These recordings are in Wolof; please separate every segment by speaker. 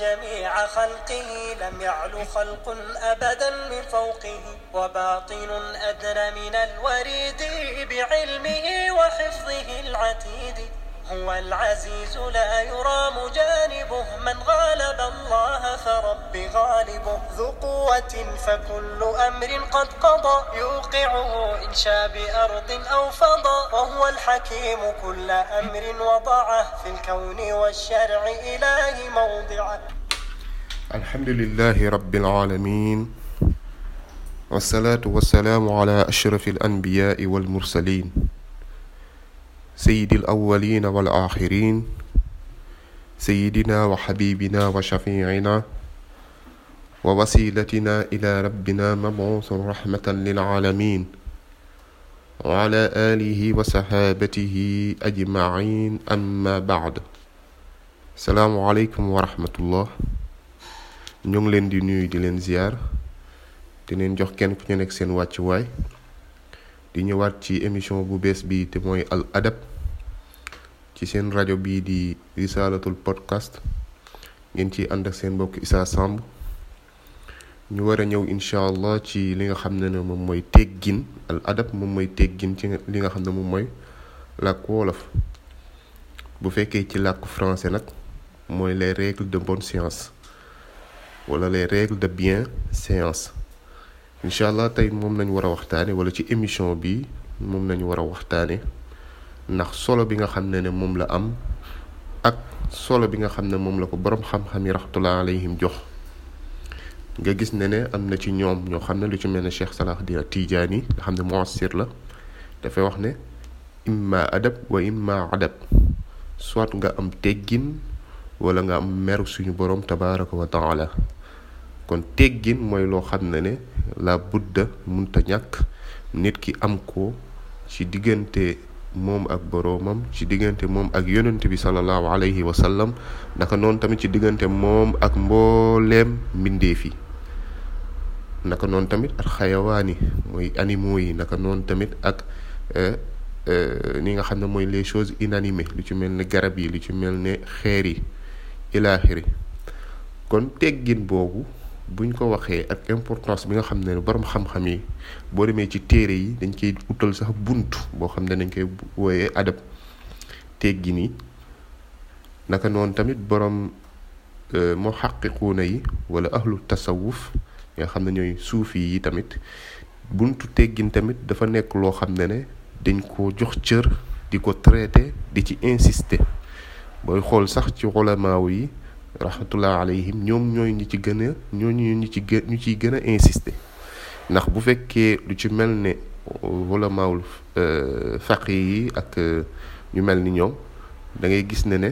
Speaker 1: جميع خلقه لم يعل خلق أبدا من فوقه وباطن أدنى من الوريد بعلمه وحفظه العتيد هو العزيز لا يرى مجانبه من غالب الله فرب غالبه ذو قوة فكل أمر قد قضى يوقعه إن شاء بأرض أو فضى وهو الحكيم كل أمر وضعه في الكون والشرع إله موضعه الحمد لله رب العالمين والصلاة والسلام على أشرف الأنبياء والمرسلين sayyidil awwaliina wal aaxiriin sayyidinaa wa xabiibinaa wa shafiicinaa wa wasiilatinaa ilaa rabbinaa mabuusun raxmatan lil caalamiin wa calaa aalihi wa saxaabatihi ajmaciin ammaa bacd salaamu leen di nuyu di leen ziyaar di leen jox kenn ku ñu nekk seen wàccuwaay di ñëwaat ci émission bu bees bi te mooy al adab ci seen rajo bii di risaalatul podcast ngeen ci ànd ak seen mbokk Issa Samb ñu war a ñëw incha allah ci li nga xam ne ne moom mooy teggin al moom mooy teggin ci li nga xam ne moom mooy làkk wolof bu fekkee ci làkk français nag mooy les règles de bonne séance wala les règles de bien séance incha allah tey moom nañ war a waxtaane wala ci émission bi moom nañu war a waxtaane ndax solo bi nga xam ne ne moom la am ak solo bi nga xam ne moom la ko boroom xam-xam yi raxmatullah alayhim jox nga gis ne ne am na ci ñoom ñoo xam ne lu ci mel ne Cheikh Salah Tijaani nga xam ne mu'assir la dafay wax ne imma adab wa imma adab soit nga am teggin walla nga am meru suñu boroom tabaraka wa taala kon teggin mooy loo xam na ne la budda munta ñàkk nit ki am ko ci diggante moom ak boroomam ci diggante moom ak yonent bi sallallahu alayhi wa sallam naka noonu tamit ci diggante moom ak mbooleem mbindeef yi naka noon tamit ak xayawaan yi mooy animaux yi naka noonu tamit ak eh, eh, ni nga xam ne mooy les choses inanimées lu ci mel ni garab yi lu ci mel ni xeer yi ilaaxiri kon teggin boobu buñ ko waxee ak importance bi nga xam ne borom xam-xam yi boo demee ci téere yi dañ koy utal sax bunt boo xam ne dañ koy wooyee adab teggini naka noonu tamit borom euh, moo xaqiquuna yi wala ahlu tasawuf nga xam ne ñooy suuf yi tamit buntu teggin tamit dafa nekk loo xam ne ne dañ ko jox cër di ko traité di ci insisté booy xool sax ci ulamaaw yi rahmatullah alayhim ñoom ñooy ñu ci gën a ñooñu ñu ci gën ñu ciy gën a insister ndax bu fekkee lu ci mel ne wala euh, maawul euh, faqi yi ak euh, ñu mel ni ñoom dangay gis ne ne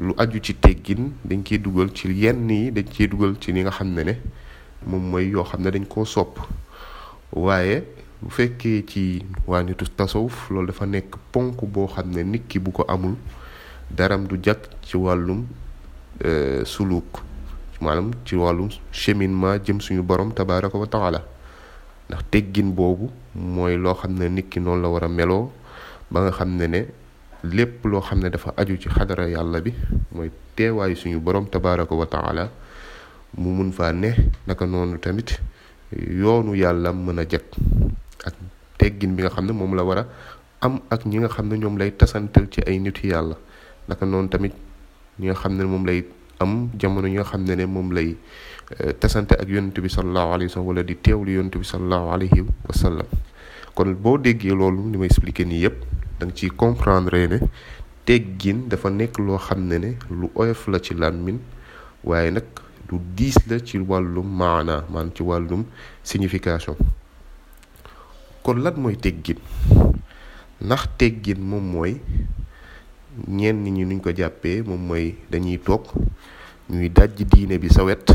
Speaker 1: lu aju ci teggin dañ koy dugal ci yenn yi dañ ciy dugal ci li nga xam ne ne moom mooy yoo xam ne dañ koo sopp waaye bu fekkee ci waa nitu tasawuf loolu dafa nekk ponk boo xam ne nit ki bu ko amul daram du jag ci wàllum Euh, suluuk maanaam ci wàllum cheminement jëm suñu borom tabaaraka wa taala ndax teggin boobu mooy loo xam ne nit ki noonu la war a meloo ba nga xam ne ne lépp loo xam ne dafa aju ci xadara yàlla bi mooy teewaayu suñu borom tabaaraka wa taala mu mun faa ne naka noonu tamit yoonu yàlla mën a jag ak teggin bi nga xam ne moom la war a am ak ñi nga xam ne ñoom lay tasantal ci ay nitu yàlla naka noonu tamit ñoo nga xam ne moom lay am jamono ñoo xam ne ne moom lay euh, tasante ak yonent bi sallallahu alayhi wa sallam wala di teewlu yonent bi sallallahu alayhi wa sallam kon boo déggee loolu li may expliquer nii yëpp da nga ciy comprendre ne teggin dafa nekk loo xam ne ne lu oyof la ci làmmiñ waaye nag lu diis la ci wàllum maana maanaam ci wàllum signification kon lan mooy teggin ndax teggin moom mooy ñenn ñi nuñ ko jàppee moom mooy dañuy toog ñuy dàjj diine bi sa wet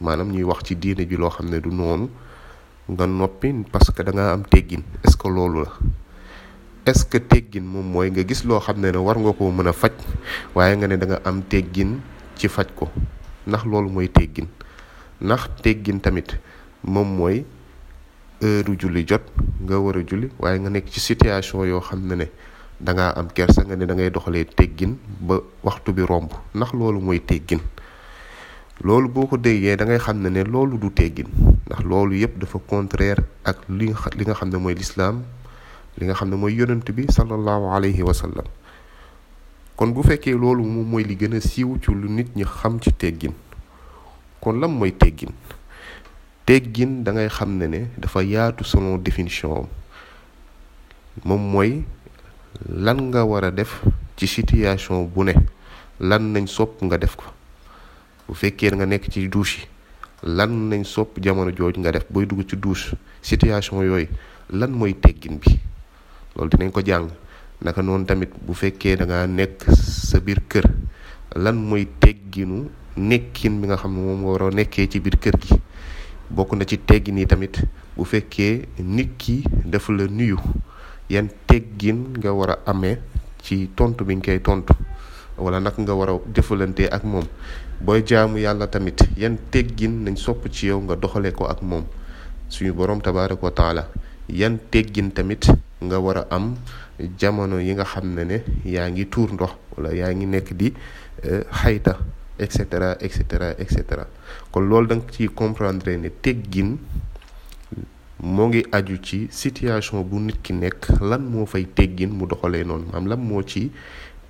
Speaker 1: maanaam ñuy wax ci diine bi loo xam ne du noonu nga noppi parce que da nga am teggin est-ce que loolu la est-ce que teggin moom mooy nga gis loo xam ne ne war nga koo mën a faj waaye nga ne da nga am teggin ci faj ko ndax loolu mooy teggin ndax teggin tamit moom mooy heure julli jot nga war a julli waaye nga nekk ci situation yoo xam ne ne da ngaa am kersa nga ne dangay doxalee teggin ba waxtu bi romb ndax loolu mooy teggin loolu boo ko déggee da ngay xam ne ne loolu du teggin ndax loolu yëpp dafa contraire ak li nga li nga xam ne mooy lislaam li nga xam ne mooy yonent bi sallallahu alayhi wa sallam kon bu fekkee loolu moom mooy li gën a siiw ci lu nit ñi xam ci teggin kon lan mooy teggin teggin da ngay xam ne ne dafa yaatu selon définition moom mooy lan nga war a def ci situation bu ne lan nañ sopp nga def ko bu fekkee nga nekk ci duus yi lan nañ sopp jamono jooju nga def booy dugg ci douche situation yooyu lan mooy teggin bi loolu dinañ ko jàng naka noonu tamit bu fekkee da nga nekk sa biir kër lan mooy tegginu nekkin bi nga xam ne moom nga war a nekkee ci biir kër gi bokk na ci teggin yi tamit bu fekkee nit ki dafa la nuyu yan teggin nga war a amee ci tontu bi nga koy tontu wala nag nga war a jëfalante ak moom booy jaamu yàlla tamit yan teggin nañ sopp ci yow nga doxalee ko ak moom suñu borom tabaaraka wa taala yan teggin tamit nga war a am jamono yi nga xam ne ne yaa ngi tuur ndox wala yaa ngi nekk di e, xayta et cetera et cetera et cetera kon loolu da ci ciy comprendre ne teggin. moo ngi aju ci situation bu nit ki nekk lan moo fay teggin mu doxalee noonu maam lan moo ci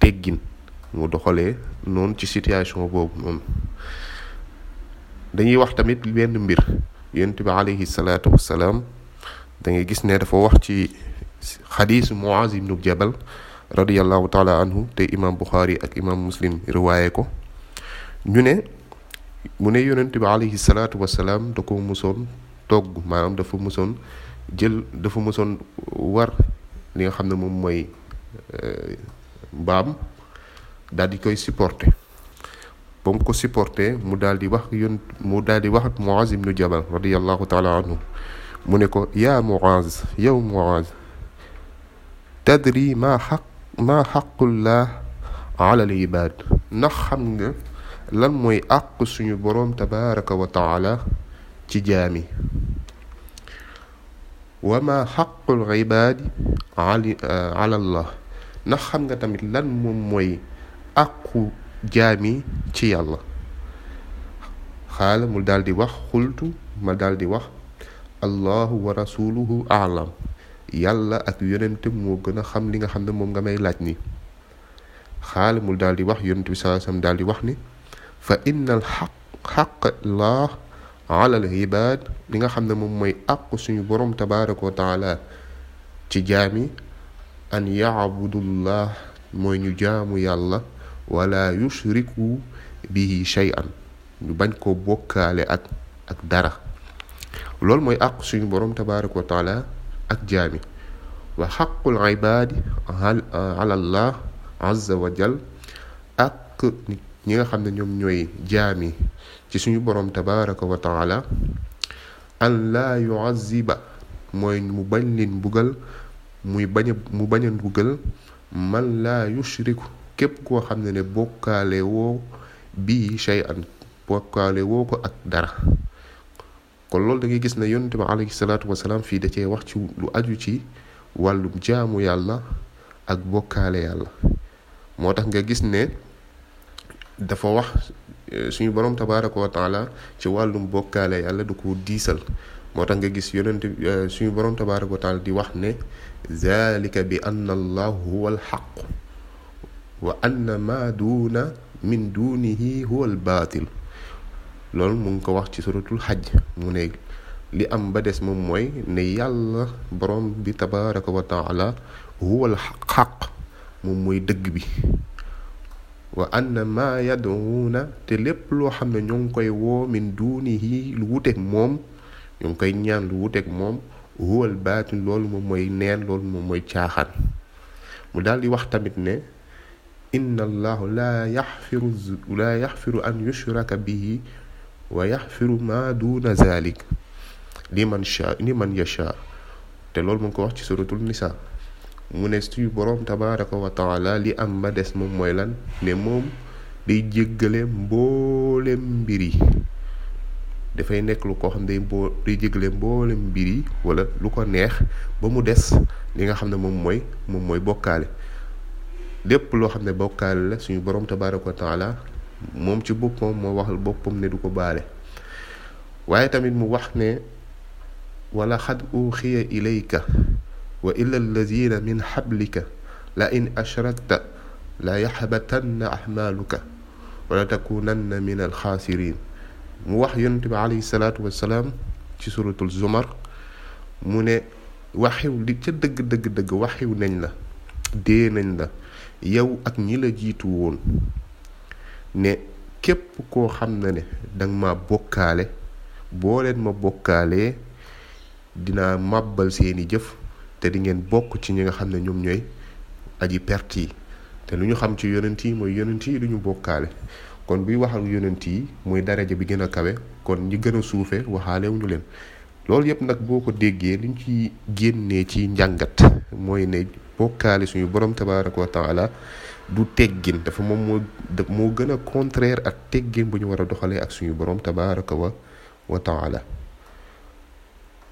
Speaker 1: teggin mu doxalee noonu ci situation boobu noonu dañuy wax tamit benn mbir yonent bi alayhi salaatu wassalaam da gis ne dafa wax ci xadiis Muaz ibnu Jabal radiallahu taala anhu te imam ak imam Muslim riwaaye ko ñu ne mu ne yonent bi alayhi salaatu wassalaam da ko musoon togg maanaam dafa mësoon jël dafa mësoon war li nga xam ne moom mooy euh, mbaam daal di koy supporter ba ko supporter mu daal di wax yon mu daal di wax ak Muaz ibnu Jabal radiyallahu taala anhu mu ne ko yaa Muaz yow Muaz tadri maa xaq maa xaqullah ala al ndax xam nga lan mooy àq suñu boroom tabaraka wa taala ci jaami wa ma xaqul ibaadi eh, ala allah ndax xam nga tamit lan moom mooy àqu jaami ci yàlla xaala mu daal di wax xultu ma daal di wax allahu wa rasuluhu alam yàlla ak yonente moo gën a xam li nga xam ne moom nga may laaj ni xaala mu daal di wax yonente bi sallallahu alayhi wasallam daal di wax ni fa inna al xaq xaq allah alal ibaad li nga xam ne moom mooy àq suñu boroom tabaraka wa taala ci jaami an yaabudullah mooy ñu jaamu yàlla wala yushriku bihi shay'an ñu bañ ko bokkaale ak ak dara loolu mooy àq suñu boroom tabaraka wa taala ak jaami wa xaqul ibaadi alallah azza wa jal ak ñi nga xam ne ñoom ñooy jaami ci suñu borom tabaraka wa la an laa mooy mu bañ leen mbugal muy bañ a mu bañ a man laa yushriku képp koo xam ne ne bokkaale woo bii shay'an bokkaale woo ko ak dara kon loolu da gis ne yonent bi alayhi salaatu wasalaam fii da cee wax ci lu aju ci wàllum jaamu yàlla ak bokkaale yàlla moo tax nga gis ne dafa wax euh, suñu borom tabaaraka wa taala ci wàllum bokkaale yàlla du ko diisal moo tax nga gis yonent euh, suñu borom tabaaraka wa taala di wax ne zalika bi anna allahu huwa alxaq wa anna ma duuna min duunihi huwa albaatil loolu mu ngi ko wax ci suratul xaj mu ne li am ba des moom mooy ne yàlla boroom bi tabaaraka wa taala huwa alxaq moom mooy dëgg bi wa anna ma yad'una te lépp loo xam ne ñoo ngi koy woo min duunihi lu wuteeg moom ñoo ngi koy ñaan lu wuteeg moom huwal baatin loolu mooy neen loolu moom mooy caaxaan mu daal di wax tamit ne inna allahu laa yaxfiru laa yaxfiru an yushraka bihi wa yaxfiru ma duuna zalik liman sha liman yasha te loolu mu ngi ko wax ci suratul nisa mu ne suñu borom tabaaraka wa taala li am ba des moom mooy lan ne moom day jéggale mboolem mbir yi dafay nekk lu koo xam ne day mboo day jéggale mboolem mbir yi wala lu ko neex ba mu des li nga xam ne moom mooy moom mooy bokkaale lépp loo xam ne bokkaale la suñu borom tabaaraka ko taala moom ci boppam moo waxal boppam ne du ko baale waaye tamit mu wax ne wala xad uxiya ilayka wa illa alladina min xablika la in ashrakta la yaxbatanna ahmaaluka wala takunanna min alxaasirin mu wax yonent bi alayhi ci suratul zumar mu ne waxiw li ca dëgg dëgg dëgg waxiw nañ la dee nañ la yow ak ñi la jiitu woon ne képp koo xam na ne danga ma bokkaale boo leen ma bokkaalee dinaa màbbal seeni jëf te di ngeen bokk ci ñi nga xam ne ñoom ñooy aji perte yi te lu ñu xam ci yonent yi mooy yonent yi du ñu bokkaale kon buy wax ak yonent yi muy daraja bi gën a kawe kon ñi gën a suufee waxaalewuñu leen loolu yëpp nag boo ko déggee liñ ci génnee ci njàngat mooy ne bokkaale suñu borom tabaraka wa la du teggin dafa moom moo moo gën a contraire ak teggin bu ñu war a doxalee ak suñu borom tabaraka wa wa taala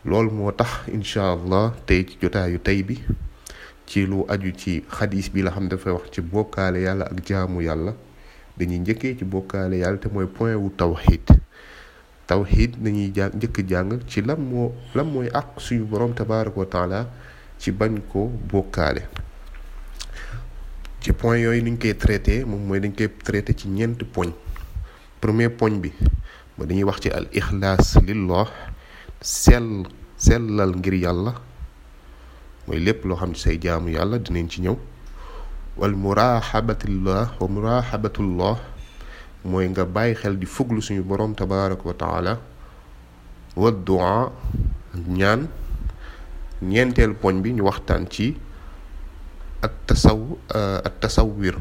Speaker 1: loolu moo tax incha allah tey ci jotaayu tey bi ci lu aju ci xadis bi la xam dafay wax ci bokkaale yàlla ak jaamu yàlla dañuy njëkkee ci bokkaale yàlla te mooy point wu tawxid tawxid nañuy jàng njëkk jàng ci lan lan mooy àq suñu borom tabaraka wa taala ci bañ ko bokkaale ci point yooyu ni koy traité moom mooy dañ koy traité ci ñeenti poñ premier poñ bi ma dañuy wax ci al ixlaas lillah sell sellal ngir yàlla mooy lépp loo xam ne say jaamu yàlla dinañ ci ñëw wal muraxabatillah wa muraxabatullah mooy nga bàyyi xel di fuglu suñu boroom tabaraka wa taala wa ñaan ñeenteel poñ bi ñu waxtaan ci at tasaw euh, at tasawwir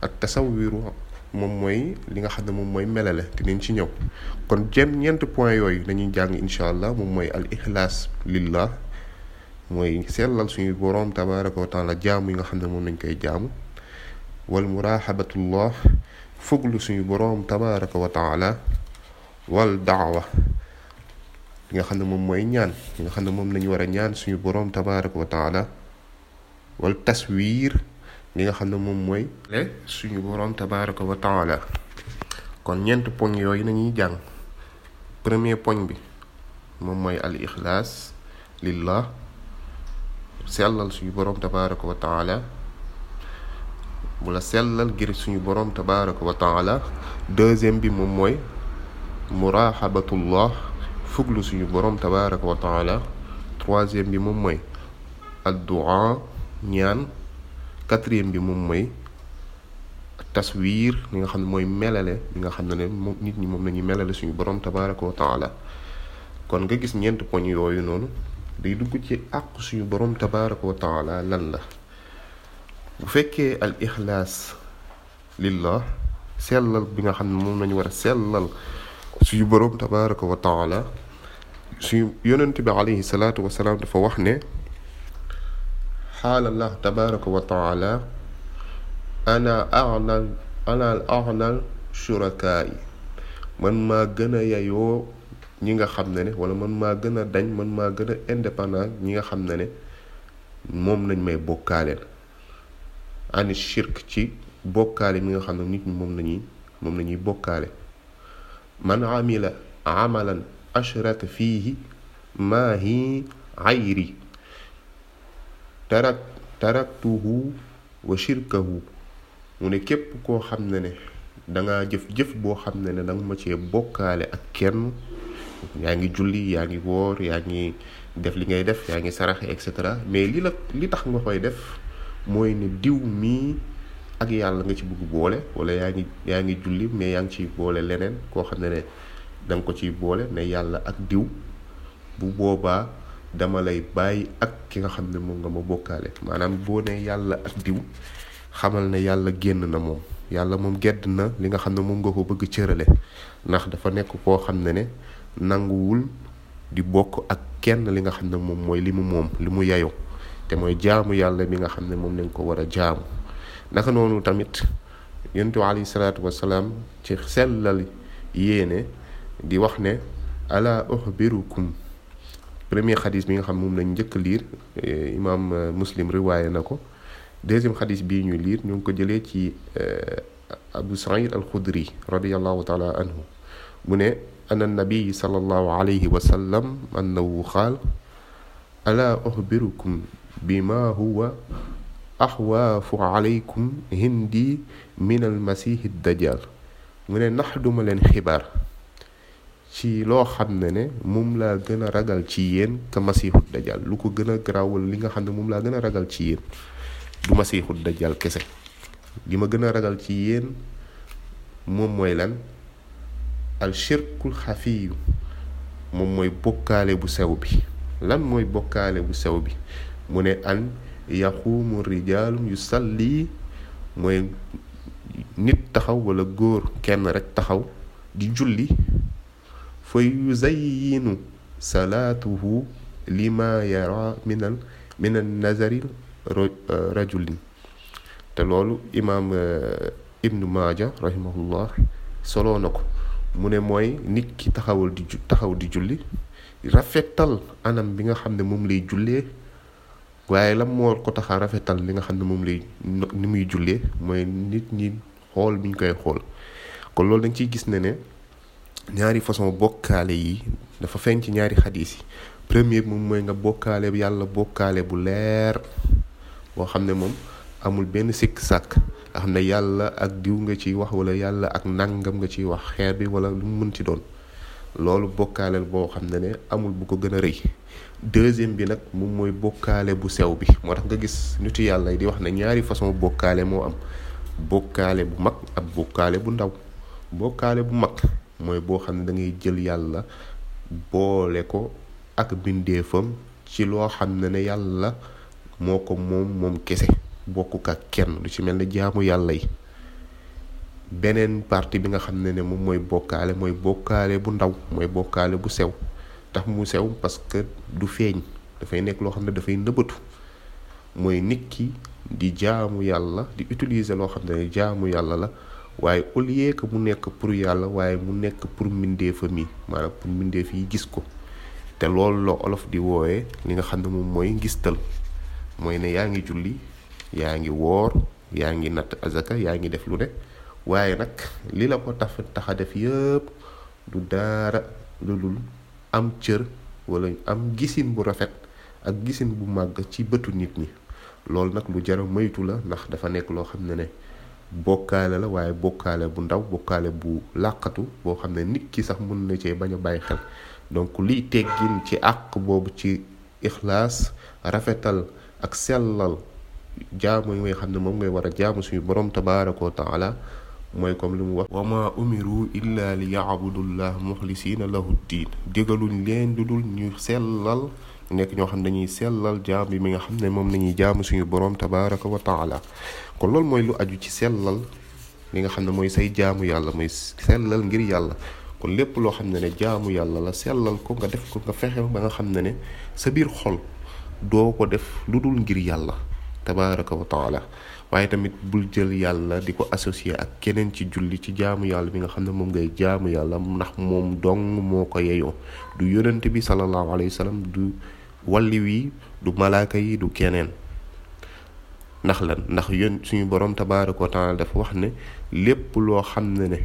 Speaker 1: at tasawwiru moom mooy li nga xam ne moom mooy melale dinañ ci ñëw kon jëm ñeenti point yooyu nañuy jàng incha allah moom mooy al ixlaas lillah mooy sellal suñu boroom tabaraka wa taala jaamu yi nga xam ne moom nañ koy jaamu wal murahabatullah fuglu suñu boroom tabaraka wa taala wal daawa li nga xam ne moom mooy ñaan li nga xam ne moom nañu war a ñaan suñu boroom tabaraka wa taala wal taswiir li nga xam ne moom mooy suñu boroom tabaraka wa taala kon ñeent poñ yooyu nañuy jàng premier poñ bi moom mooy al ixlaas lillah sellal suñu boroom tabaraka wa taala wala sellal ngir suñu boroom tabaraka wa taala deuxième bi moom mooy muraxabatullah fuglu suñu boroom tabaraka wa taala troisième bi moom mooy addu'a ñaan quatrième bi moom mooy taswiir li nga xam ne mooy melale bi nga xam ne ne nit ñi moom la ñuy melale suñu borom tabaraka wa kon nga gis ñeent poñ yooyu noonu day dugg ci àq suñu boroom tabaraka wa taala lan la bu fekkee al ixlaas lillah sellal bi nga xam ne moom lañu war a sellal suñu borom tabaraka wa taala suñu yonent bi alayhi salaatu wasalaam dafa wax ne qaala allah tabaraka wa taala ana arnal ana yi man maa gën a yayoo ñi nga xam ne ne wala man maa gën a dañ man ma gën a indépendant ñi nga xam ne ne moom nañ may bokkaaleel ani shirk ci bokkaale mi nga xam ne nit moom nañuy moom nañuy bokkaale man amila amalan ashraka fiihi maahi ayri tarak taraktuhu wa shirkahu mu ne képp koo xam ne ne dangaa jëf-jëf boo xam ne ne danga ma ci bokkaale ak kenn yaa ngi julli yaa ngi woor yaa ngi def li ngay def yaa ngi saraxe et cetera mais li la li tax nga koy def mooy ne diw mii ak yàlla nga ci bugg boole wala yaa ngi yaa ngi julli mais yaa ngi ciy boole leneen koo xam ne ne danga ko ciy boole ne yàlla ak diw bu boobaa dama lay bàyyi ak ki nga xam ne moom nga ma bokkaale maanaam boo ne yàlla ak diw xamal ne yàlla génn na moom yàlla moom gedd na li nga xam ne moom nga ko bëgg cërale ndax dafa nekk koo xam ne ne nanguwul di bokk ak kenn li nga xam ne moom mooy li mu moom li mu yayoo te mooy jaamu yàlla bi nga xam ne moom lañ ko war a jaamu naka noonu tamit yonent bi alayhi salaatu wasalaam ci yéene di wax ne ala uxbirukum premier xadis bi nga xam moom lañ njëkk a liir eh, imaam eh, muslim riwaaye na ko deuxième xadis bii ñu liir ñu ngi ko jëlee ci eh, abu saïd al xudri radiallahu taala anhu mu ne ana nabi salallahu alayhi wa sallam annahu xaal ala uxbirukum bima huwa axwaafu alaykum hindi min almasihi dajjal mu ne ndax duma leen xibaar ci loo xam ne ne moom laa gën a ragal ci yéen ka masiixu dajal lu ko gën a garaawal li nga xam ne moom laa gën a ragal ci yéen du masiixu dajal kese li ma gën a ragal ci yéen moom mooy lan al shirkul xafiyu moom mooy bokkaale bu sew bi lan mooy bokkaale bu sew bi mu ne an yaquumu rijaalum yu salli mooy nit taxaw wala góor kenn rek taxaw di julli fa yuzayyinu salaatuhu lima yara minal minal nazari rajulin te loolu imaam eh, ibnu maaja rahimahullah soloo ko mu ne mooy nit ki taxawal di taxaw di julli rafetal anam bi nga xam ne moom lay jullee waaye lan moo ko taxa rafetal li nga xam ne moom lay ni muy jullee mooy nit ñi xool bi ñu koy xool kon loolu dañ ciy gis ne ne ñaari façon bokkaale yi dafa feeñ ci ñaari xadis yi premier bi moom mooy nga bokkaale bu yàlla bokkaale bu leer boo xam ne moom amul benn sikk sàkk nga xam ne yàlla ak diw nga ciy wax wala yàlla ak nangam nga ciy wax xeer bi wala lu mu mën ci doon loolu bokkaale boo xam ne ne amul bu ko gën a rëy deuxième bi nag moom mooy bokkaale bu sew bi moo tax nga gis ñu nitu yàlla yi di wax ne ñaari façon bokkaale moo am bokkaale bu mag ak bokkaale bu ndaw mooy boo xam ne da ngay jël yàlla boole ko ak bindeefam ci loo xam ne ne yàlla moo ko moom moom kese bokkuk ak kenn lu ci mel ne jaamu yàlla yi beneen partie bi nga xam ne ne moom mooy bokkaale mooy bokkaale bu ndaw mooy bokkaale bu sew tax mu sew parce que du feeñ dafay nekk loo xam ne dafay nëbbatu mooy nit ki di jaamu yàlla di utiliser loo xam ne jaamu yàlla la waaye au lieu que mu nekk pour yàlla waaye mu nekk pour mbindeefam yi maanaam pour mbindeef yi gis ko te loolu la olof di woowee li nga xam ne moom mooy ngistal mooy ne yaa ngi julli yaa ngi woor yaa ngi natt azaka yaa ngi def lu ne waaye nag li la ko tax tax a def yëpp du daara lu dul am cër wala am gisin bu rafet ak gisin bu màgg ci bëtu nit ñi loolu nag lu jar a moytu la ndax dafa nekk loo xam ne ne bokkaale la waaye bokkaale bu ndaw bokkaale bu làqatu boo xam ne nit ki sax mën na cee bañ a bàyyi xel donc liy teggin ci àq boobu ci ixlaas rafetal ak sellal jaamu yi ngay xam ne moom ngay war a jaamu suñu borom tabaraka wa taala mooy comme li mu wax wa ma umiru illa li yacbudullah muxlisina lahu diin digaluñ leen lu dul ñu sellal nekk ñoo xam ne dañuy sellal jaam bi mi nga xam ne moom nañuy jaamu suñu borom tabaraka wa taala kon loolu mooy lu aju ci sellal li nga xam ne mooy say jaamu yàlla mooy sellal ngir yàlla kon lépp loo xam ne ne jaamu yàlla la sellal ko nga def ko nga fexe ba nga xam ne ne sa biir xol doo ko def lu dul ngir yàlla tabaraka wa taala waaye tamit bul jël yàlla di ko associé ak keneen ci julli ci jaamu yàlla bi nga xam ne moom ngay jaamu yàlla ndax moom dong moo ko yeyoo du yonente bi sallallahu alayhi wa sallam walliw yi du malaaka yi du keneen ndax lan ndax yon suñu borom tabaaraka wa taala dafa wax ne lépp loo xam ne ne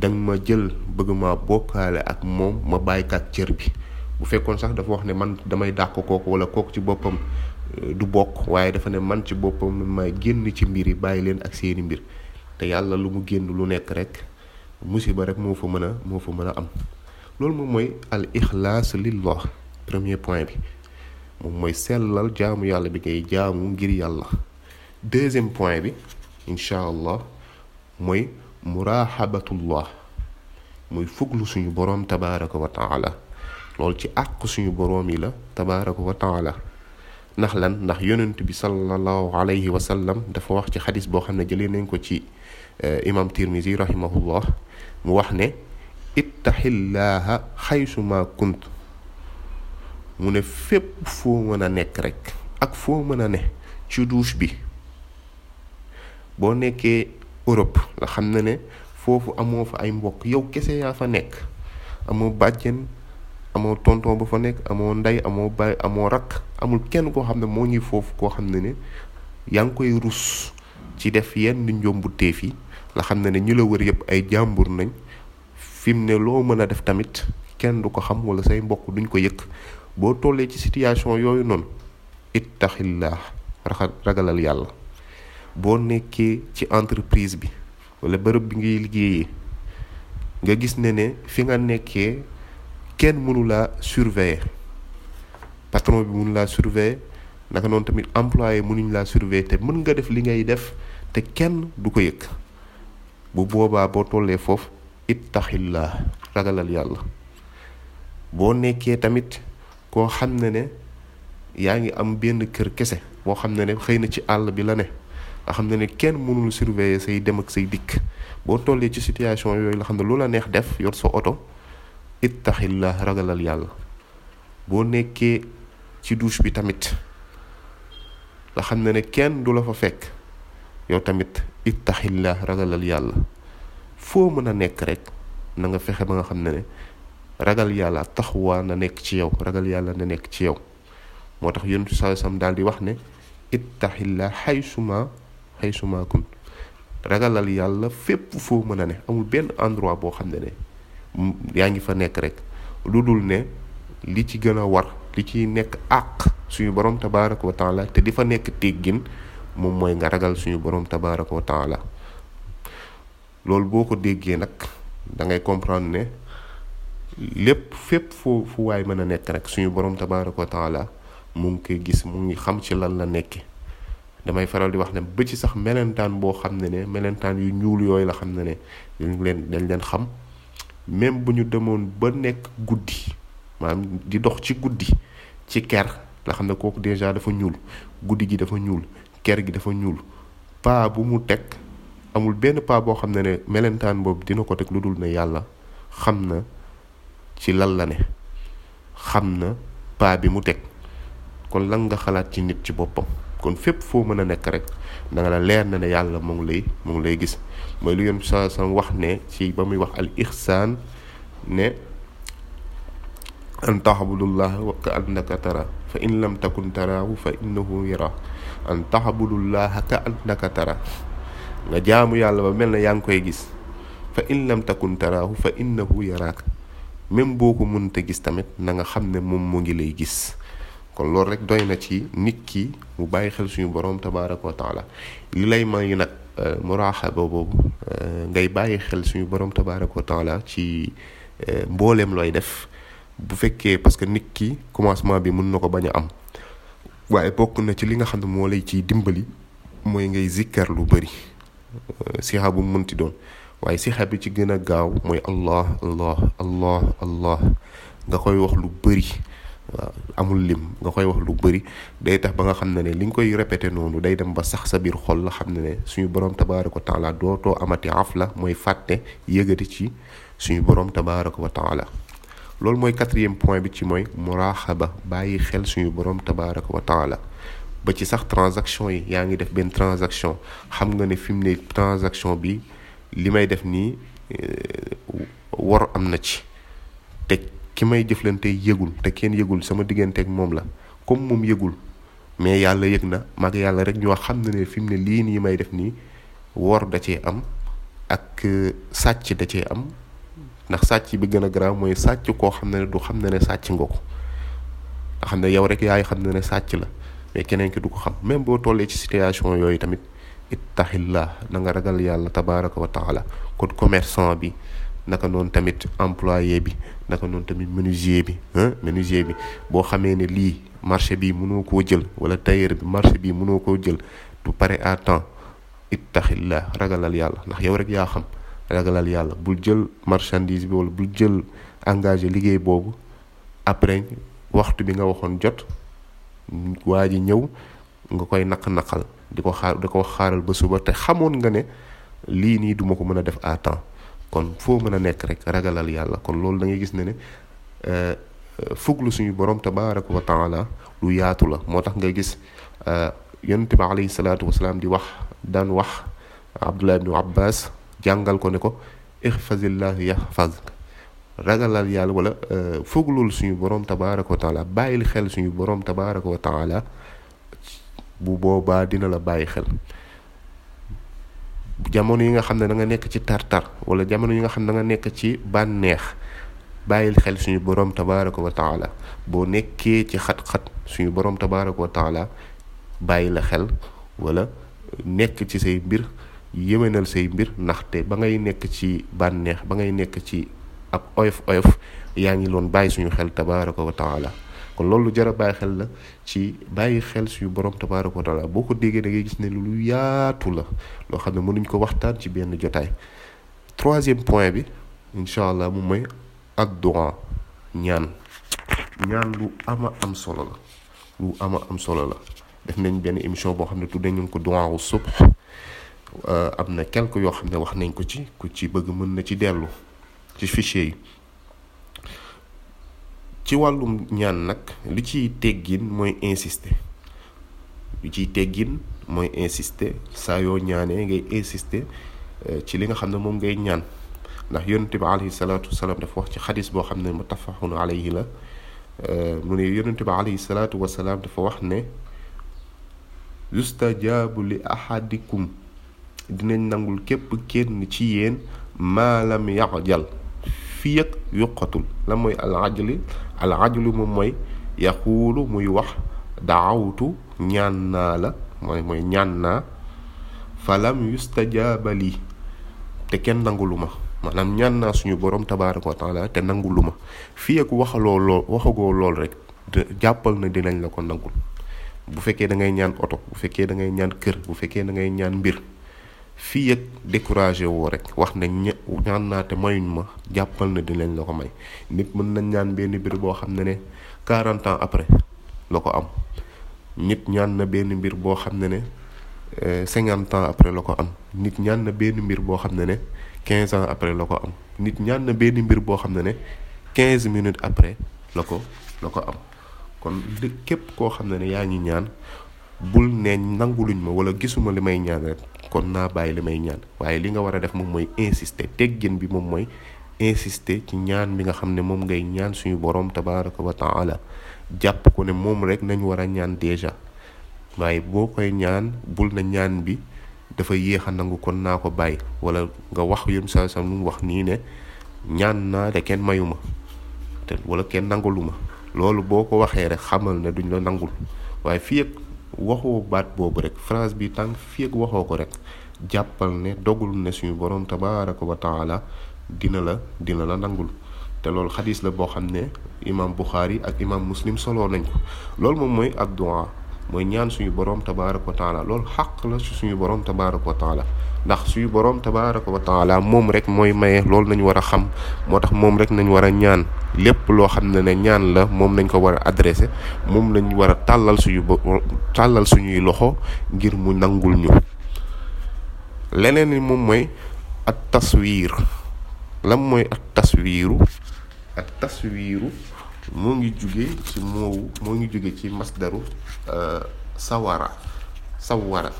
Speaker 1: danga ma jël bëgg ma bokkaale ak moom ma bàyyi kaat cër bi bu fekkoon sax dafa wax ne man damay dàq kooku wala kooku ci boppam euh, du bokk waaye dafa ne man ci boppam may génn ci mbir yi bàyyi leen ak seeni mbir te yàlla lu mu génn lu nekk rek musiba rek moo fa mën a moo fa mën a am loolu moom mooy al ixlaas lillah premier point bi moom mooy sellal jaamu yàlla bi ngay jaamu ngir yàlla deuxième point bi incha allah mooy muraaxabatullah mooy fuglu suñu boroom tabaraka wa taala loolu ci àq suñu boroom yi la tabaraka wa taala ndax lan ndax yonent bi sallallahu alayhi wa sallam dafa wax ci xadis boo xam ne jëlee nañ ko ci eh, imam tirmisi rahimahullah mu wax ne ittaxillaha xaysu ma kunt mu ne fépp foo mën a nekk rek ak foo mën a ne ci duus bi boo nekkee Europe nga xam ne ne foofu amoo fa ay mbokk yow kese yaa fa nekk amoo bàccen amoo tonton ba fa nekk amoo ndey amoo baay amoo rakk amul kenn koo xam ne moo ngi foofu koo xam ne ni yaa ngi koy ruus ci def yenn njombuteef yi la xam ne ne ñu la wër yëpp ay jàmbur nañ fi mu ne loo mën a def tamit kenn du ko xam wala say mbokk duñ ko yëg boo tollee ci situation yooyu noonu ittaxillah ragalal yàlla boo nekkee ci entreprise bi wala bërëb bi ngay liggéeyee nga gis ne ne fi nga nekkee kenn mënu laa surveiller patron bi mënu laa surveiller naka noonu tamit employé mënuñ laa surveiller te mën nga def li ngay def te kenn du ko yëg bu boobaa boo tollee foofu it ittaxillah ragalal yàlla boo nekkee tamit koo xam ne ne yaa ngi am benn kër kese boo xam ne ne xëy na ci àll bi la ne nga xam ne ne kenn mënul surveiller say dem ak say dikk boo tollee ci situation yooyu la xam ne lu la neex def yor sa oto la ragalal yàlla boo nekkee ci douche bi tamit nga xam ne ne kenn du la fa fekk yow tamit it la ragalal yàlla foo mën a nekk rek na nga fexe ba nga xam ne ne ragal yàlla taxawaa na nekk ci yow ragal na nekk ci yow moo tax yonent sallallahu alayhi wasallam daal di wax ne la ittaqillah xaysuma xaysuma kun ragalal yàlla fépp foo mën na ne amul benn endroit boo xam ne ne yaa ngi fa nekk rek lu dul ne li ci gën a war li ciy nekk àq suñu borom tabaraka wa taala te di fa nekk téggin moom mooy nga ragal suñu borom tabaraka wa taala loolu boo ko déggee nag dangay ngay comprendre ne lépp fépp fu fu waay mën a nekk rek suñu borom tabaaraka wa taala mu ngi koy gis mu ngi xam ci lan la nekke damay faral di wax ne ba sax melentaan boo xam ne ne melentaan yu ñuul yooyu la xam ne ne leen dañ leen xam même bu ñu demoon ba nekk guddi di dox ci guddi ci ker la ne kooku déjà dafa ñuul guddi gi dafa ñuul ker gi dafa ñuul paa mu teg amul benn paa boo xam ne ne melentaan boobu dina ko teg lu dul ne yàlla xam na ci lan la ne xam na paa bi mu teg kon lan nga xalaat ci nit ci boppam kon fépp foo mën a nekk rek danga nga la leer na ne yàlla mu ngi lay mu ngi lay gis mooy lu yoon sa sa wax ne ci ba muy wax al ihsaan ne an taxabudullah wa ka annaka tara fa in lam takun taraahu fa innahu yara an tara nga jaamu yàlla ba mel na yaa ngi koy gis fa in lam takun taraahu fa innahu yaraak même boo ko te gis tamit na nga xam ne moom mu ngi lay gis kon loolu rek doy na ci nit ki mu bàyyi xel suñu borom tabaaraka wa taala li lay may nag euh, muraaxaba boobu euh, ngay bàyyi xel suñu borom tabaaraka wa taala ci euh, mbooleem looy def bu fekkee parce que nit ki commencement bi mën na ko bañ am waaye bokk na ci li nga xam ne moo lay ciy dimbali mooy ngay zikkar lu bëri si bu mu mënti doon. waaye sixa bi ci gën a gaaw mooy allah allah allah allah nga koy wax lu bëri amul lim nga koy wax lu bëri day tax ba nga xam ne ne li nga koy répété noonu day dem ba sax sa biir xol la xam ne ne suñu borom tabaraka wa taala dootoo amati la mooy fàtte yëgati ci suñu borom tabaraka wa taala loolu mooy quatrième point bi ci mooy muraaxaba bàyyi xel suñu borom tabaraka wa ba ci sax transaction yi yaa ngi def benn transaction xam nga ne fi mu ne transaction bi li may def nii eh, wor am na ci te ki may jëflante yëgul te kenn yëgul sama digganteeg moom la comme moom yëgul mais yàlla yëg na mag yàlla rek ñoo xam ne ne fi mu ne lii nii may def nii wor da cee am ak eh, sàcc da cee am ndax sàcc bi gën a garaaw mooy sàcc koo xam ne ne du xam ne ne sàcc nga ko nga xam ne yow rek yaay xam ne ne sàcc la mais keneen ki du ko xam même boo tollee ci situation yooyu tamit ittaxillah na nga ragal yàlla tabaraka wa taala kon commerçant bi naka noonu tamit employé bi naka noonu tamit menuisier bi menuisier bi boo xamee ne lii marché bi mënoo koo jël wala tailleur bi marché bi mënoo koo jël du pare à temps la ragalal yàlla ndax yow rek yaa xam ragalal yàlla bul jël marchandise bi wala bul jël engagé liggéey boobu après waxtu bi nga waxoon jot waa ji ñëw nga koy naq-naqal di ko xaar di ko xaaral ba suba te xamoon nga ne lii nii duma ko mën a def à temps kon foo mën a nekk rek ragalal yàlla kon loolu da gis ne ne euh, fuglu suñu borom tabaraka wa taala lu yaatu la moo tax nga gis euh, yonent bi alayhi salaatu wasalaam di wax daan wax abdullah ibnu abbas jàngal ko ne ko ihfazillah yahfazka ragalal yàlla wala euh, fuglul suñu borom tabaraka wa taala bàyyil xel suñu borom tabaraka wa taala bu boobaa dina la bàyyi xel jamono yi nga xam ne da nekk ci tartar wala jamono yi nga xam ne da nekk ci bànneex bàyyil xel suñu borom tabaraka wa taala boo nekkee ci xat-xat suñu borom tabaraka wa taala bàyyi la xel wala nekk ci say mbir yéwénal say mbir ndaxte ba ngay nekk ci bànneex ba ngay nekk ci ab oyof oyof yaa ngi loon bàyyi suñu xel tabaraka wa taala kon loolu jar a bàyyi la ci bàyyi xel suñu borom tabaaraka wa taala boo ko déggee da ngay gis ne lu lu yaatu la loo xam ne mënuñ ko waxtaan ci benn jotaay troisième point bi incha allah moom moy ak du'a ñaan ñaan lu ama am solo la lu ama am solo la def nañ benn émission boo xam ne tuddee ñu ko du'a wu subh euh, am na quelque yoo xam ne wax nañ ko ci ku ci bëgg mën na ci dellu ci fichier yi ci wàllum ñaan nag li ciy teggin mooy insisté li ciy teggin mooy insisté saa yoo ñaanee ngay insister euh, ci li nga xam ne moom ngay ñaan ndax yonente bi alayhi salaatu wasalaam dafa wax ci xadis boo xam ne muttafaqun alayhi la euh, mu ne yonente bi alayhi salaatu wasalaam dafa wax ne jaabu li ahadikum dinañ nangul képp kenn ci yéen maalam yaqjal fii ak yuqatul la mooy alajli alajlu moom mooy yaquulu muy wax daawtu ñaan naa la mooy mooy ñaan naa falam yustajaaba lii te kenn nangulu ma maanaam ñaan naa suñu borom tabaaraka wa taala te nangu lu ma fii ak waxaloo lool waxagoo lool rek jàppal na dinañ la ko nangul bu fekkee da ngay ñaan oto bu fekkee da ngay ñaan kër bu fekkee da ngay ñaan mbir fii ak découragé woo rek wax ne ñaan naa te mayuñ ma jàppal na dinañ la ko may nit mën nañ ñaan benn mbir boo xam ne ne 40 ans après la ko am nit ñaan na benn mbir boo xam ne ne 50 ans après la ko am nit ñaan na mbir boo xam ne ne 15 ans après la ko am nit ñaan na benn mbir boo xam ne ne 15 minutes après la ko la ko am kon képp koo xam ne ne yaa ngi ñaan bul ne nanguluñ ma wala gisuma li may ñaan rek kon naa bàyyi li may ñaan waaye li nga war a def moom mooy insister teggin bi moom mooy insister ci ñaan bi nga xam ne moom ngay ñaan suñu borom tabaraka wa taala jàpp ko ne moom rek nañ war a ñaan déjà waaye boo koy ñaan bul na ñaan bi dafa yéex a nangu kon naa ko bàyyi wala nga wax yém sa sa lu wax nii ne ñaan naa te kenn mayu ma te wala kenn nangulu ma loolu boo ko waxee rek xamal ne duñ la nangul waaye fii ak waxoo baat boobu rek phrase bi tànk fii waxoo ko rek jàppal ne dogul ne suñu borom tabaaraka wa taala dina la dina la nangul te loolu xadis la boo xam ne imaam Buxaari ak imaam muslim soloo nañ ko loolu moom mooy addu'a mooy ñaan suñu borom tabaaraka wa taala loolu xaq la ci suñu borom tabaaraka wa taala ndax suñu borom tabaraka wa taala moom rek mooy maye loolu nañu war a xam moo tax moom rek nañ war a ñaan lépp loo xam ne ne ñaan la moom nañ ko war a adressé moom lañu war a tàllal suñu tàllal suñuy loxo ngir mu nangul ñu leneen ni moom mooy ak taswiir lam mooy ak taswiiru ak taswiiru moo ngi jóge ci moowu moo ngi jóge ci masdaru euh, sawara sawara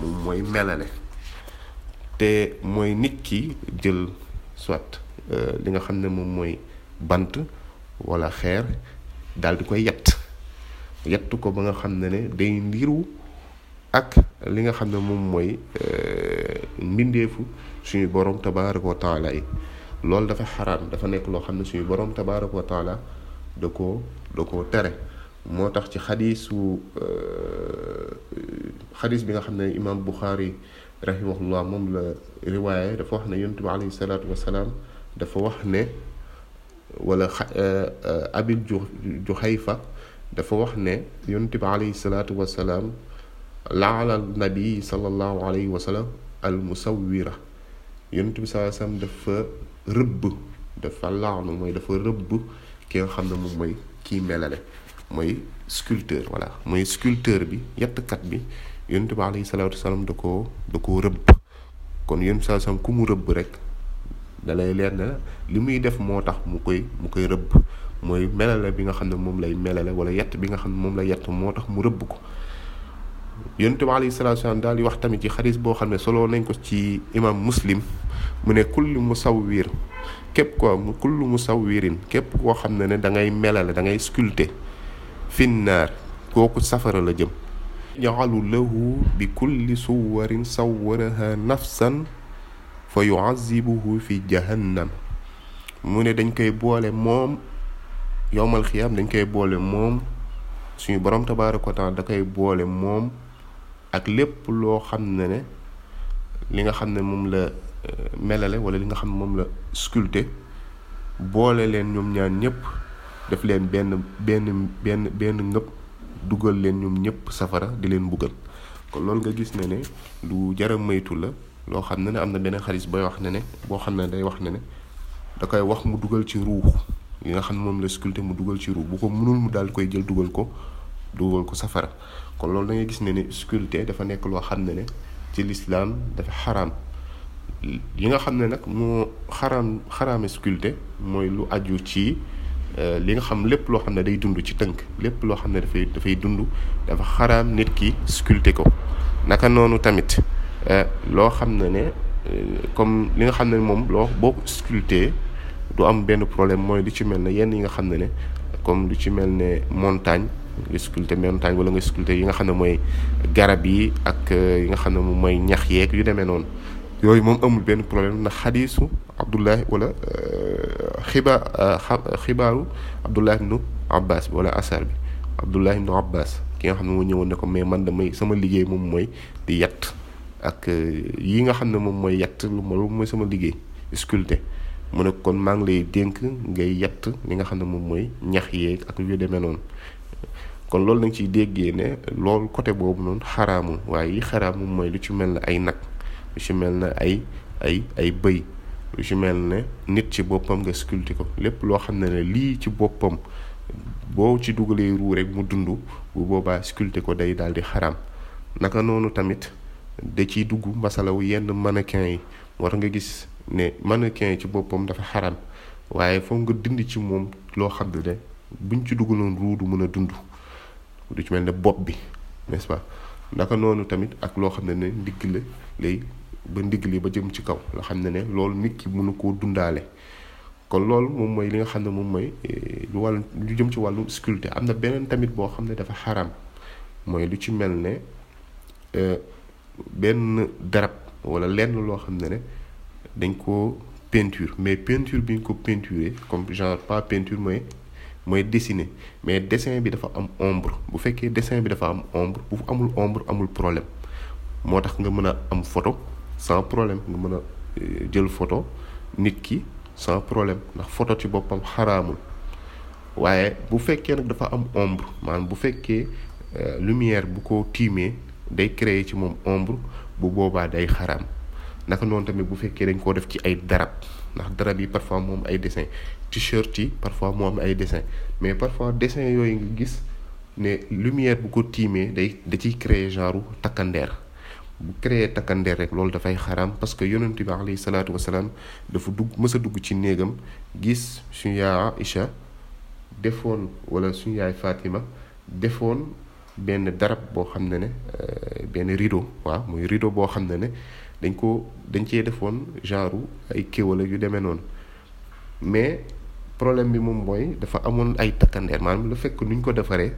Speaker 1: moom mooy melale te mooy nit ki jël soit euh, li nga xam ne moom mooy bant wala xeer daal di koy yat yett ko ba nga xam ne ne day ndiru ak li nga xam ne moom mooy euh, mbindeefu suñu boroom tabaraka wa taala loolu dafa xaraam dafa nekk loo xam ne suñu borom tabaraka wa taala da koo da ko tere moo tax ci xadiisu euh, xadiis bi nga xam ne imaam Buxaari rahimahullah moom la riwaaye dafa wax ne yonent bi alayhi salaatu wasalaam dafa wax ne wala euh, euh, abil ju juhayfa dafa wax ne yonent bi alayhi salaatu wasalaam laala nabi sallallahu alayhi wa sallam al musawwira yonent bi sallallahu alayhi wa sallam dafa rëbb mooy dafa rëbb ki xam ne moom mooy kii melale mooy sculpteur voilà mooy sculpteur bi yettkat bi yonent bi alayhi salaatu salaam da koo da koo rëbb kon yonent salaatu salaam ku mu rëbb rek dalay leer na la li muy def moo tax mu koy mu koy rëbb mooy melale bi nga xam ne moom lay melale wala yatt bi nga xam ne moom lay yett moo tax mu rëbb ko yonent bi alayhi salaatu salaam daal di wax tamit ci xaris boo xam ne soloo nañ ko ci imam muslim mu ne kullu musawwir képp ko kullu musawwirin képp koo xam ne ne da ngay melale da ngay sculpter finnaar kooku safara la jëm yajalu lahu bi kulli suwarin sawwaraha nafsan fa yuazibuhu fi jahannam mu ne dañ koy boole moom yowmal xiyaam dañ koy boole moom suñu borom tabaaraka wa taala da koy boole moom ak lépp loo xam ne ne li nga xam ne moom la euh, melale wala li nga xam ne moom la sculpté boole leen ñoom ñaan ñëpp def leen benn benn benn benn ngëpp dugal leen ñoom ñëpp safara di leen buggal kon loolu nga gis ne ne lu jara maytu la loo xam ne ne am na benn xalis booy wax ne ne boo xam ne day wax ne ne da koy wax mu dugal ci ruux li nga xam moom la sculpté mu dugal ci ruux bu ko mënul mu daal koy jël dugal ko dugal ko safara kon loolu da gis ne ne sculpté dafa nekk loo xam ne ne ci lislaam dafa xaraam li nga xam ne nag moo xaram xaraame sculpté mooy lu aju ci Euh, li nga xam lépp loo xam ne day dund ci tënk lépp loo xam ne dafay dafay dund dafa xaraam nit ki sculpté ko naka noonu tamit euh, loo xam ne ne euh, comme li nga xam ne moom loo boo sculpté du am benn problème mooy lu ci mel ne yenn yi nga xam ne ne comme lu ci mel ne montagne nga sculpté montagne wala nga sculpté yi nga xam ne mooy garab yi ak yi nga xam ne moom mooy ñax yeeg yu demee noonu yooyu moom amul benn problème ndax xadiisu Abdullahi wala euh, xibaar euh, xibaaru Abdullahi ibnu Abbas bi wala asar bi Abdullahi ibnu Abbas ki nga xam ne moo ñëwoon ne ko mais man damay sama liggéey moom mooy di yàtt ak euh, yi nga xam ne moom mooy yàtt lu ma mooy sama liggéey sculpté mu ne kon maa ngi lay dénk ngay yàtt li nga xam ne moom mooy ñax yee ak yu demee noonu kon loolu nañ ciy déggee ne loolu côté boobu noonu xaraamul waaye yi xaraam moom mooy lu ci mel ne ay nag lu ci mel na ay ay ay bëy lu ci mel ne nit ci boppam nga sculpté ko lépp loo xam ne ne lii ci boppam boo ci dugalee ruu rek mu dund bu boobaa sculpté ko day daal di xaraam naka noonu tamit da ciy dugg masalawu yenn mannequin yi war nga gis ne mannequin yi ci boppam dafa xaraam waaye foog nga dind ci moom loo xam ne buñ ci dugaloon ruu du mën a dund du ci mel ne bopp bi n'est-ce naka noonu tamit ak loo xam ne ne ndigg la lay ba ndigg li ba jëm ci kaw nga xam ne ne loolu nit ki mënu koo dundaale kon loolu moom mooy li nga xam ne moom mooy eh, lu wàll lu jëm ci wàllu sculpté am na beneen tamit boo xam ne dafa xaram mooy lu ci mel ne eh, benn darab wala lenn loo xam ne ne dañ ko peinture mais peinture bi ñu ko peinturé comme genre pas peinture mooy mooy dessiner mais dessin bi dafa am ombre bu fekkee dessin bi dafa am ombre bu amul ombre amul problème moo tax nga mën a am photo sans problème nga mën a eh, jël photo nit ki sans problème ndax photo ci boppam xaramul waaye bu fekkee nag dafa am ombre maanaam bu fekkee eh, lumière bu ko tiimee day créer ci moom ombre bu boobaa day xaram naka noonu tamit bu fekkee dañ koo def ci ay darab ndax darab yi parfois moom ay dessin t-shirt yi parfois moo ay dessin mais parfois dessin yooyu nga gis ne lumière bu ko tiimee day da ciy créer genre takkandeer bu créer takkandeer rek loolu dafay xaraam parce que yonent bi alayhi salaatu wasalaam dafa dugg mës dugg ci néegam gis suñu yaay Aïcha defoon wala suñu yaay Fatima defoon benn darab boo xam ne ne euh, benn rido waa mooy rido boo xam ne ne dañ ko dañ cee defoon genre ay kéwala yu demee noonu mais problème bi moom mooy dafa amoon ay takkandeer maanaam la fekk nuñ ko defaree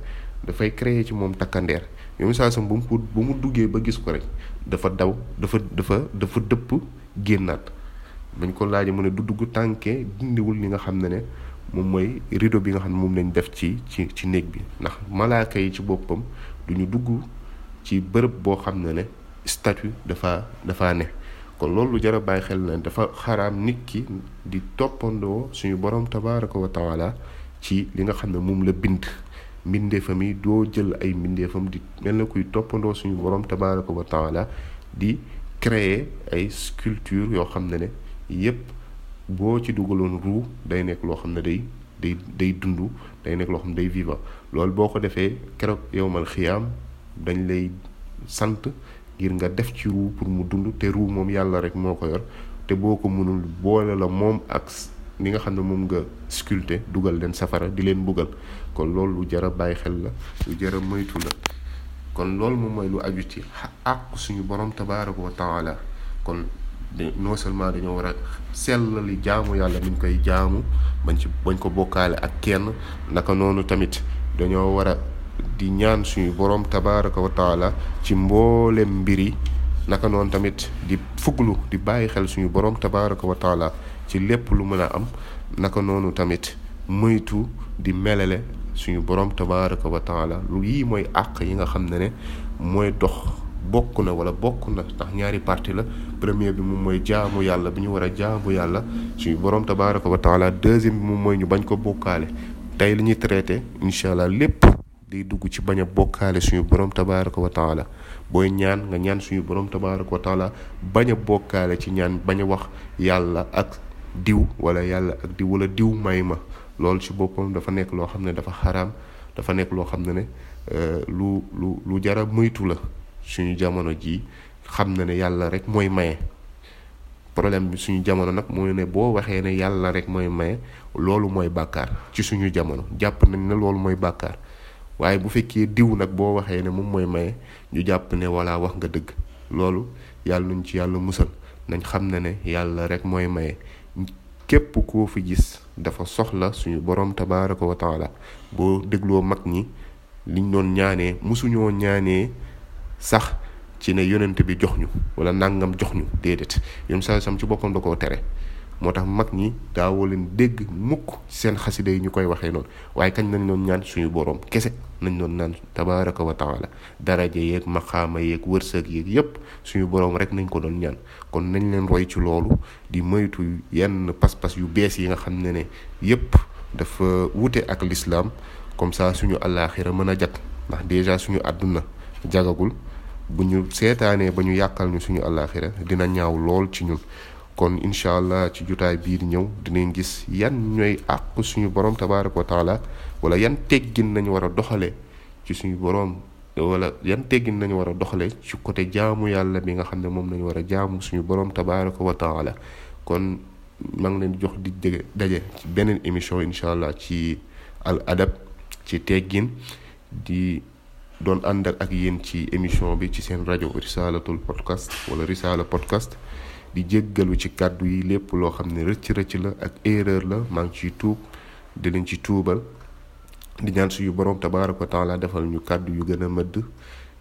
Speaker 1: dafay créer ci moom takkandeer yow misaal sam bu mu bu mu duggee ba gis ko rek dafa daw dafa dafa dafa dëpp génnaat bañ ko laaj mu ne du dugg tànke dindiwul li nga xam ne ne moom mooy rideau bi nga xam ne moom lañ def ci ci ci néeg bi ndax malaaka yi ci boppam du ñu dugg ci bërëb boo xam ne ne statue dafa dafa ne kon loolu jara bàyyi xel na dafa xaraam nit ki di toppandoo suñu borom tabaraka wa taala ci li nga xam ne moom la bind mbindeefam yi doo jël ay mbindeefam di mel na kuy toppandoo suñu borom tabaraka ko taala di créer ay sculpture yoo xam ne ne yépp boo ci dugaloon ruu day nekk loo xam ne day day day dund day nekk loo xam ne day vivant loolu boo ko defee keroog yowmal xiyaam dañ lay sant ngir nga def ci ruu pour mu dund te ruu moom yàlla rek moo ko yor te boo ko mënul boole la moom ak li nga xam ne moom nga sculpté dugal leen safara di leen buggal kon loolu lu jar a bàyyi xel la lu jar a moytu la kon loolu moom mooy lu aju ci àq suñu borom tabaaraka wa taala kon non seulement dañoo war a sellal li jaamu yàlla niñ koy jaamu bañ ci bañ ko bokkaale ak kenn naka noonu tamit dañoo war a di ñaan suñu borom tabaaraka wa taala ci mboolem mbir yi naka noonu tamit di fuglu di bàyyi xel suñu borom tabaaraka wa ci lépp lu mën a am naka noonu tamit moytu di melale suñu borom tabaraka wa taala lu yii mooy àq yi nga xam ne ne mooy dox bokk na wala bokk na ndax ñaari parti la premier bi moom mooy jaamu yàlla bi ñu war a jaamu yàlla suñu borom tabaraka wa taala deuxième bi moom mooy ñu bañ ko bokkaale tey li ñuy traité incha allah lépp day dugg ci bañ a bokkaale suñu borom tabaraka wa taala booy ñaan nga ñaan suñu borom tabaraka wa taala bañ a bokkaale ci ñaan bañ wax yàlla ak diw wala yàlla ak diw walla diw may ma loolu ci boppam dafa nekk loo xam ne dafa xaram dafa nekk loo xam ne ne euh, lu lu lu jara muytu la suñu jamono ji xam na ne yàlla rek mooy maye problème bi suñu jamono nag mooy ne boo waxee ne yàlla rek mooy maye loolu mooy bàkkaar ci suñu jamono jàpp nañ ne loolu mooy bàkkaar waaye bu fekkee diw nag boo waxee ne moom mooy maye ñu jàpp ne walla wax nga dëgg loolu yàlla nañ ci yàlla musal nañ xam ne ne yàlla rek mooy maye képp koo fi gis dafa soxla suñu borom tabaraka wa taala boo dégloo mag ñi liñ doon ñaanee mosuñoo ñaanee sax ci ne yonent bi jox ñu wala nangam jox ñu déedéet yoon saa sam ci boppam da koo tere moo tax mag ñi daawoo leen dégg mukk seen xasida yi ñu koy waxee noonu waaye kañ nañ doon ñaan suñu boroom kese nañ doon naan tabaraka wa taala daraja yeeg maqaama yeeg wërsëg yeeg yépp suñu boroom rek nañ ko doon ñaan kon nañ leen roy ci loolu di moytu yenn pas-pas yu bees yi nga xam ne ne yépp dafa wute ak lislaam comme ça suñu àllaaxira mën a jag ndax déjà suñu àdduna jagagul bu ñu seetaanee ba ñu yàqal ñu suñu àllaaxira dina ñaaw lool ci ñun kon incha allah ci jotaay bii ñëw dinañ gis yan ñooy àq suñu borom tabaaraka wa taala wala yan teggin nañu war a doxalee ci suñu borom wala yan teggin nañu war a doxalee ci côté jaamu yàlla bi nga xam ne moom nañu war a jaamu suñu borom tabaaraka wa taala kon maa ngi leen jox di dégg daje ci beneen émission incha allah ci al adab ci teggin di. doon ànd ak yéen ci émission bi ci seen rajo Risala Podcast wala Risala Podcast di jéggalu ci kàddu yi lépp loo xam ne rëcc rëcc la ak erreur la maa ngi ciy tuub dinañ leen ci tuubal di ñaan suñu borom tabaaraka wa taala defal ñu kàddu yu gën a mëdd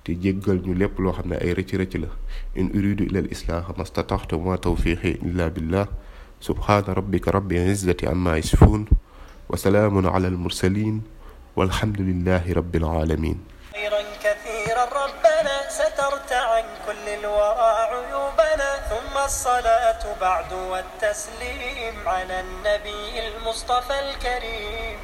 Speaker 1: di jëggal ñu lépp loo xam ne ay rëcc rëcc la in uridu ila al islaaha mastataxtu ma tawfiqi illa billah subhaana rabbika rabbil izzati amma yasifun wa salaamun ala al mursalin walhamdulillahi rabbil alamin ثم الصلاة بعد والتسليم على النبي المصطفى الكريم